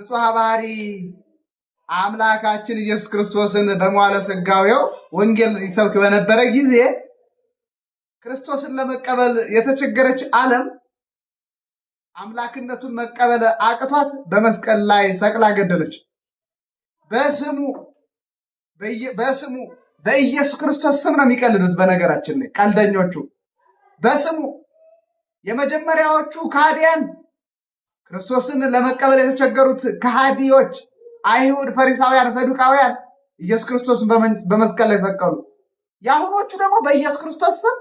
ንጹሐ ባህሪ አምላካችን ኢየሱስ ክርስቶስን በመዋለ ስጋዌው ወንጌል ይሰብክ በነበረ ጊዜ ክርስቶስን ለመቀበል የተቸገረች ዓለም አምላክነቱን መቀበል አቅቷት በመስቀል ላይ ሰቅላ ገደለች። በስሙ በስሙ በኢየሱስ ክርስቶስ ስም ነው የሚቀልዱት። በነገራችን ላይ ቀልደኞቹ በስሙ የመጀመሪያዎቹ ካዲያን ክርስቶስን ለመቀበል የተቸገሩት ከሃዲዎች፣ አይሁድ፣ ፈሪሳውያን፣ ሰዱቃውያን ኢየሱስ ክርስቶስን በመስቀል ላይ ሰቀሉ። የአሁኖቹ ደግሞ በኢየሱስ ክርስቶስ ስም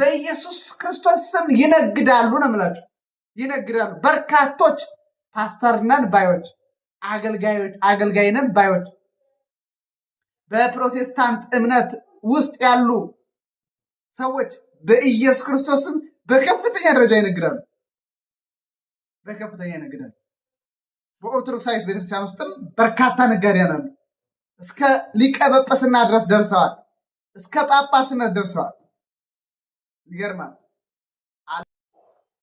በኢየሱስ ክርስቶስ ስም ይነግዳሉ ነው የምላቸው፣ ይነግዳሉ። በርካቶች ፓስተርነን ባዮች፣ አገልጋይነን ባዮች በፕሮቴስታንት እምነት ውስጥ ያሉ ሰዎች በኢየሱስ ክርስቶስም በከፍተኛ ደረጃ ይነግዳሉ። በከፍተኛ ያነግዳል። በኦርቶዶክሳዊት ቤተክርስቲያን ውስጥም በርካታ ነጋዴያን አሉ። እስከ ሊቀ ድረስ ደርሰዋል። እስከ ጳጳስነት ደርሰዋል። ይገርማል።